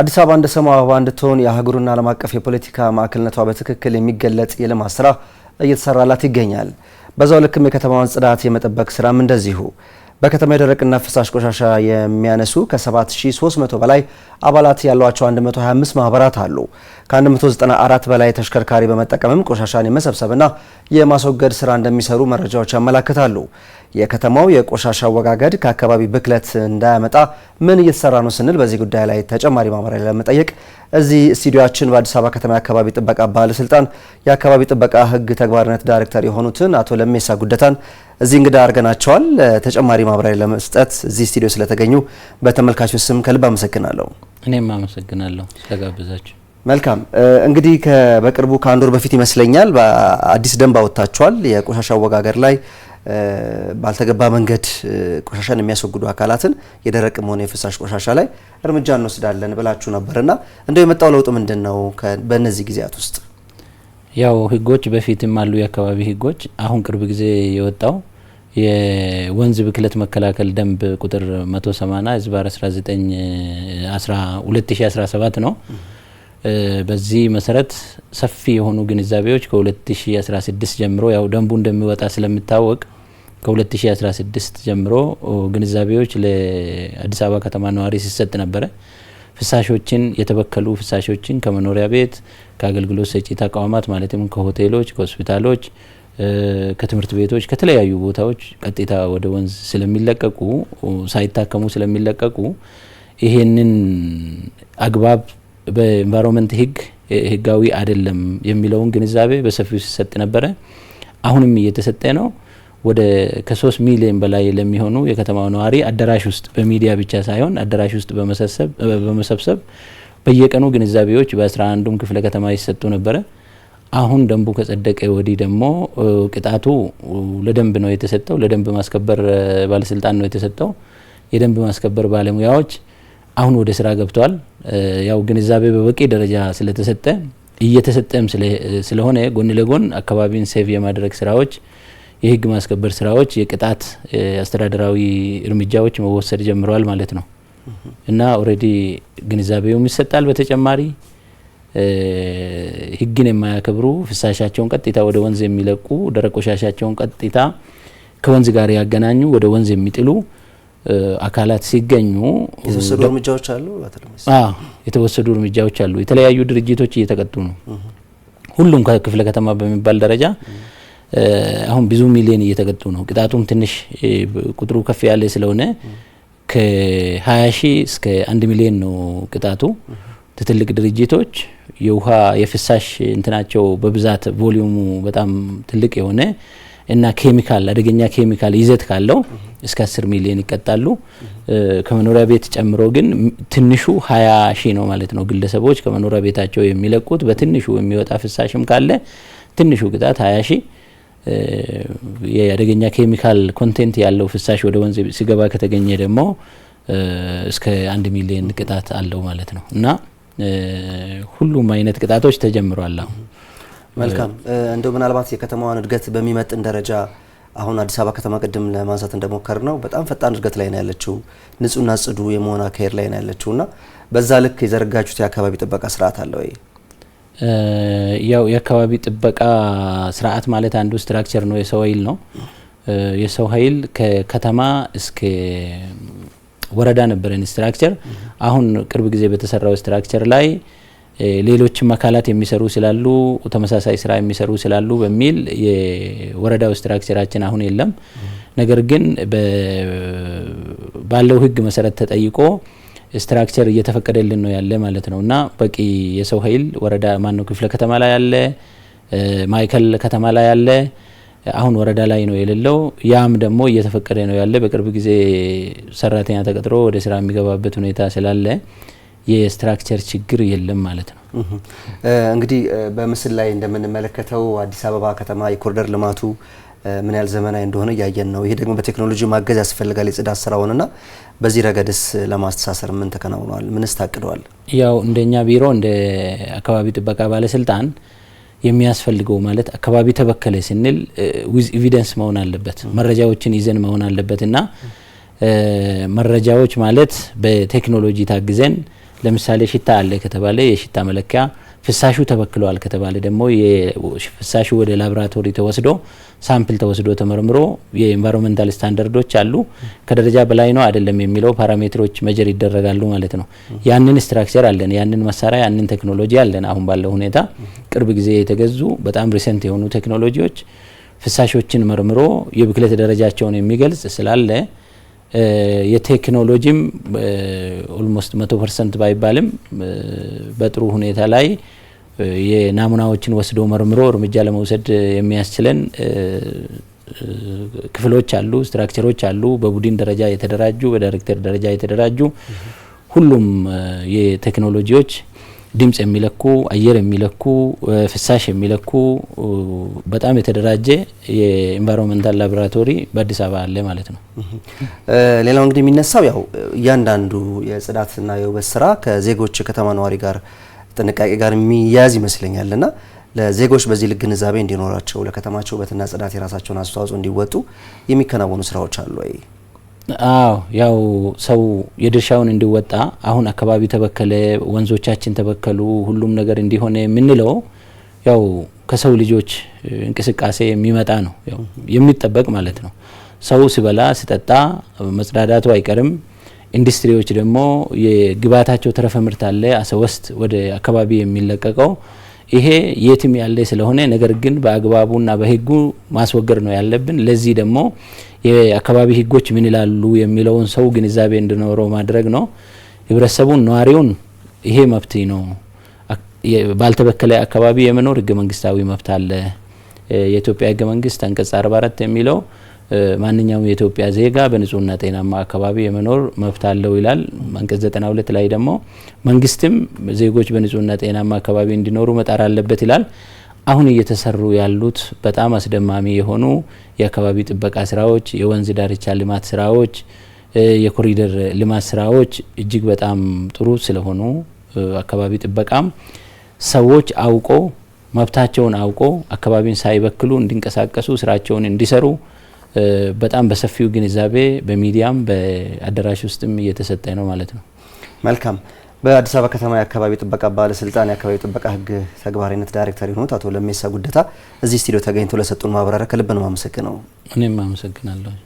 አዲስ አበባ እንደ ሰማያዊ አበባ እንድትሆን የአህጉሩና ዓለም አቀፍ የፖለቲካ ማዕከልነቷ በትክክል የሚገለጽ የልማት ስራ እየተሰራላት ይገኛል። በዛው ልክም የከተማዋን ጽዳት የመጠበቅ ስራም እንደዚሁ። በከተማ የደረቅና ፍሳሽ ቆሻሻ የሚያነሱ ከ7300 በላይ አባላት ያሏቸው 125 ማህበራት አሉ። ከ194 በላይ ተሽከርካሪ በመጠቀምም ቆሻሻን የመሰብሰብና የማስወገድ ስራ እንደሚሰሩ መረጃዎች ያመላክታሉ። የከተማው የቆሻሻ አወጋገድ ከአካባቢ ብክለት እንዳያመጣ ምን እየተሰራ ነው ስንል በዚህ ጉዳይ ላይ ተጨማሪ ማብራሪያ ለመጠየቅ እዚህ ስቱዲዮችን በአዲስ አበባ ከተማ የአካባቢ ጥበቃ ባለስልጣን የአካባቢ ጥበቃ ሕግ ተግባርነት ዳይሬክተር የሆኑትን አቶ ለሜሳ ጉደታን እዚህ እንግዳ አድርገናቸዋል። ተጨማሪ ማብራሪያ ለመስጠት እዚህ ስቱዲዮ ስለተገኙ በተመልካቹ ስም ከልብ አመሰግናለሁ። እኔም አመሰግናለሁ ስለጋበዛችሁ። መልካም እንግዲህ በቅርቡ ከአንድ ወር በፊት ይመስለኛል በአዲስ ደንብ አወጥታችኋል የቆሻሻ አወጋገድ ላይ ባልተገባ መንገድ ቆሻሻን የሚያስወግዱ አካላትን የደረቅም ሆነ የፍሳሽ ቆሻሻ ላይ እርምጃ እንወስዳለን ብላችሁ ነበር እና እንደው የመጣው ለውጥ ምንድን ነው በእነዚህ ጊዜያት ውስጥ? ያው ህጎች በፊትም አሉ የአካባቢ ህጎች። አሁን ቅርብ ጊዜ የወጣው የወንዝ ብክለት መከላከል ደንብ ቁጥር 180 ህዝባር 2017 ነው። በዚህ መሰረት ሰፊ የሆኑ ግንዛቤዎች ከ2016 ጀምሮ ያው ደንቡ እንደሚወጣ ስለሚታወቅ ከ2016 ጀምሮ ግንዛቤዎች ለአዲስ አበባ ከተማ ነዋሪ ሲሰጥ ነበረ። ፍሳሾችን የተበከሉ ፍሳሾችን ከመኖሪያ ቤት ከአገልግሎት ሰጪ ተቋማት ማለትም ከሆቴሎች፣ ከሆስፒታሎች፣ ከትምህርት ቤቶች፣ ከተለያዩ ቦታዎች ቀጥታ ወደ ወንዝ ስለሚለቀቁ ሳይታከሙ ስለሚለቀቁ ይሄንን አግባብ በኤንቫይሮንመንት ህግ ህጋዊ አይደለም የሚለውን ግንዛቤ በሰፊው ሲሰጥ ነበረ። አሁንም እየተሰጠ ነው። ወደ ከሶስት ሚሊዮን በላይ ለሚሆኑ የከተማው ነዋሪ አዳራሽ ውስጥ በሚዲያ ብቻ ሳይሆን አዳራሽ ውስጥ በመሰብሰብ በየቀኑ ግንዛቤዎች በአስራ አንዱም ክፍለ ከተማ ይሰጡ ነበረ። አሁን ደንቡ ከጸደቀ ወዲህ ደግሞ ቅጣቱ ለደንብ ነው የተሰጠው። ለደንብ ማስከበር ባለስልጣን ነው የተሰጠው። የደንብ ማስከበር ባለሙያዎች አሁን ወደ ስራ ገብተዋል። ያው ግንዛቤ በበቂ ደረጃ ስለተሰጠ እየተሰጠም ስለሆነ ጎን ለጎን አካባቢን ሴቭ የማድረግ ስራዎች የህግ ማስከበር ስራዎች፣ የቅጣት አስተዳደራዊ እርምጃዎች መወሰድ ጀምረዋል ማለት ነው እና ኦልሬዲ ግንዛቤውም ይሰጣል። በተጨማሪ ህግን የማያከብሩ ፍሳሻቸውን ቀጥታ ወደ ወንዝ የሚለቁ ደረቅ ቆሻሻቸውን ቀጥታ ከወንዝ ጋር ያገናኙ ወደ ወንዝ የሚጥሉ አካላት ሲገኙ የተወሰዱ እርምጃዎች አሉ። የተወሰዱ እርምጃዎች አሉ። የተለያዩ ድርጅቶች እየተቀጡ ነው። ሁሉም ከክፍለ ከተማ በሚባል ደረጃ አሁን ብዙ ሚሊዮን እየተቀጡ ነው። ቅጣቱም ትንሽ ቁጥሩ ከፍ ያለ ስለሆነ ከ20 ሺህ እስከ አንድ ሚሊዮን ነው ቅጣቱ። ትልልቅ ድርጅቶች የውሃ የፍሳሽ እንትናቸው በብዛት ቮሊዩሙ በጣም ትልቅ የሆነ እና ኬሚካል አደገኛ ኬሚካል ይዘት ካለው እስከ 10 ሚሊዮን ይቀጣሉ። ከመኖሪያ ቤት ጨምሮ ግን ትንሹ 20 ሺ ነው ማለት ነው። ግለሰቦች ከመኖሪያ ቤታቸው የሚለቁት በትንሹ የሚወጣ ፍሳሽም ካለ ትንሹ ቅጣት 20 ሺህ የአደገኛ ኬሚካል ኮንቴንት ያለው ፍሳሽ ወደ ወንዝ ሲገባ ከተገኘ ደግሞ እስከ አንድ ሚሊዮን ቅጣት አለው ማለት ነው እና ሁሉም አይነት ቅጣቶች ተጀምሯል። አሁን መልካም እንደው ምናልባት የከተማዋን እድገት በሚመጥን ደረጃ አሁን አዲስ አበባ ከተማ ቅድም ለማንሳት እንደሞከር ነው በጣም ፈጣን እድገት ላይ ነው ያለችው። ንጹህና ጽዱ የመሆን አካሄድ ላይ ነው ያለችው እና በዛ ልክ የዘረጋችሁት የአካባቢ ጥበቃ ስርዓት አለ ወይ? ያው የአካባቢ ጥበቃ ስርዓት ማለት አንዱ ስትራክቸር ነው፣ የሰው ኃይል ነው። የሰው ኃይል ከከተማ እስከ ወረዳ ነበረን ስትራክቸር። አሁን ቅርብ ጊዜ በተሰራው ስትራክቸር ላይ ሌሎችም አካላት የሚሰሩ ስላሉ ተመሳሳይ ስራ የሚሰሩ ስላሉ በሚል የወረዳው ስትራክቸራችን አሁን የለም። ነገር ግን ባለው ህግ መሰረት ተጠይቆ ስትራክቸር እየተፈቀደልን ነው ያለ ማለት ነው። እና በቂ የሰው ኃይል ወረዳ ማነው ክፍለ ከተማ ላይ ያለ ማዕከል ከተማ ላይ አለ አሁን ወረዳ ላይ ነው የሌለው። ያም ደግሞ እየተፈቀደ ነው ያለ። በቅርብ ጊዜ ሰራተኛ ተቀጥሮ ወደ ስራ የሚገባበት ሁኔታ ስላለ የስትራክቸር ችግር የለም ማለት ነው። እንግዲህ በምስል ላይ እንደምንመለከተው አዲስ አበባ ከተማ የኮሪደር ልማቱ ምን ያህል ዘመናዊ እንደሆነ እያየን ነው። ይሄ ደግሞ በቴክኖሎጂ ማገዝ ያስፈልጋል የጽዳት ስራውንና በዚህ ረገድስ ለማስተሳሰር ምን ተከናውነዋል? ምንስ ታቅደዋል? ያው እንደኛ ቢሮ እንደ አካባቢ ጥበቃ ባለስልጣን የሚያስፈልገው ማለት አካባቢ ተበከለ ስንል ዊዝ ኤቪደንስ መሆን አለበት፣ መረጃዎችን ይዘን መሆን አለበት እና መረጃዎች ማለት በቴክኖሎጂ ታግዘን ለምሳሌ ሽታ አለ ከተባለ የሽታ መለኪያ ፍሳሹ ተበክሏል ከተባለ ደግሞ ፍሳሹ ወደ ላብራቶሪ ተወስዶ ሳምፕል ተወስዶ ተመርምሮ የኤንቫይሮንመንታል ስታንዳርዶች አሉ። ከደረጃ በላይ ነው አይደለም የሚለው ፓራሜትሮች መጀር ይደረጋሉ ማለት ነው። ያንን ስትራክቸር አለን፣ ያንን መሳሪያ፣ ያንን ቴክኖሎጂ አለን። አሁን ባለው ሁኔታ ቅርብ ጊዜ የተገዙ በጣም ሪሰንት የሆኑ ቴክኖሎጂዎች ፍሳሾችን መርምሮ የብክለት ደረጃቸውን የሚገልጽ ስላለ የቴክኖሎጂም ኦልሞስት መቶ ፐርሰንት ባይባልም በጥሩ ሁኔታ ላይ የናሙናዎችን ወስዶ መርምሮ እርምጃ ለመውሰድ የሚያስችለን ክፍሎች አሉ፣ ስትራክቸሮች አሉ። በቡድን ደረጃ የተደራጁ፣ በዳይሬክተር ደረጃ የተደራጁ ሁሉም የቴክኖሎጂዎች ድምጽ የሚለኩ አየር የሚለኩ ፍሳሽ የሚለኩ በጣም የተደራጀ የኢንቫይሮንመንታል ላቦራቶሪ በአዲስ አበባ አለ ማለት ነው። ሌላው እንግዲህ የሚነሳው ያው እያንዳንዱ የጽዳትና የውበት ስራ ከዜጎች ከተማ ነዋሪ ጋር ጥንቃቄ ጋር የሚያያዝ ይመስለኛል ና ለዜጎች በዚህ ልክ ግንዛቤ እንዲኖራቸው ለከተማቸው ውበትና ጽዳት የራሳቸውን አስተዋጽኦ እንዲወጡ የሚከናወኑ ስራዎች አሉ ወይ? አዎ ያው ሰው የድርሻውን እንዲወጣ አሁን አካባቢ ተበከለ፣ ወንዞቻችን ተበከሉ፣ ሁሉም ነገር እንዲሆነ የምንለው ያው ከሰው ልጆች እንቅስቃሴ የሚመጣ ነው የሚጠበቅ ማለት ነው። ሰው ሲበላ ሲጠጣ መጽዳዳቱ አይቀርም። ኢንዱስትሪዎች ደግሞ የግብአታቸው ተረፈ ምርት አለ አሰ ወስት ወደ አካባቢ የሚለቀቀው ይሄ የትም ያለ ስለሆነ ነገር ግን በአግባቡና በህጉ ማስወገድ ነው ያለብን። ለዚህ ደግሞ የአካባቢ ህጎች ምን ይላሉ የሚለውን ሰው ግንዛቤ እንዲኖረው ማድረግ ነው። ህብረተሰቡን፣ ነዋሪውን ይሄ መብት ነው፣ ባልተበከለ አካባቢ የመኖር ህገ መንግስታዊ መብት አለ። የኢትዮጵያ ህገ መንግስት አንቀጽ 44 የሚለው ማንኛውም የኢትዮጵያ ዜጋ በንጹህና ጤናማ አካባቢ የመኖር መብት አለው ይላል። አንቀጽ 92 ላይ ደግሞ መንግስትም ዜጎች በንጹህና ጤናማ አካባቢ እንዲኖሩ መጣር አለበት ይላል። አሁን እየተሰሩ ያሉት በጣም አስደማሚ የሆኑ የአካባቢ ጥበቃ ስራዎች፣ የወንዝ ዳርቻ ልማት ስራዎች፣ የኮሪደር ልማት ስራዎች እጅግ በጣም ጥሩ ስለሆኑ አካባቢ ጥበቃም ሰዎች አውቆ መብታቸውን አውቆ አካባቢን ሳይበክሉ እንዲንቀሳቀሱ ስራቸውን እንዲሰሩ በጣም በሰፊው ግንዛቤ በሚዲያም በአዳራሽ ውስጥም እየተሰጠ ነው ማለት ነው። መልካም። በአዲስ አበባ ከተማ የአካባቢ ጥበቃ ባለስልጣን የአካባቢ ጥበቃ ሕግ ተግባራዊነት ዳይሬክተር የሆኑት አቶ ለሜሳ ጉደታ እዚህ ስቱዲዮ ተገኝተው ለሰጡን ማብራሪያ ከልብ ነው ማመሰግነው። እኔም አመሰግናለሁ።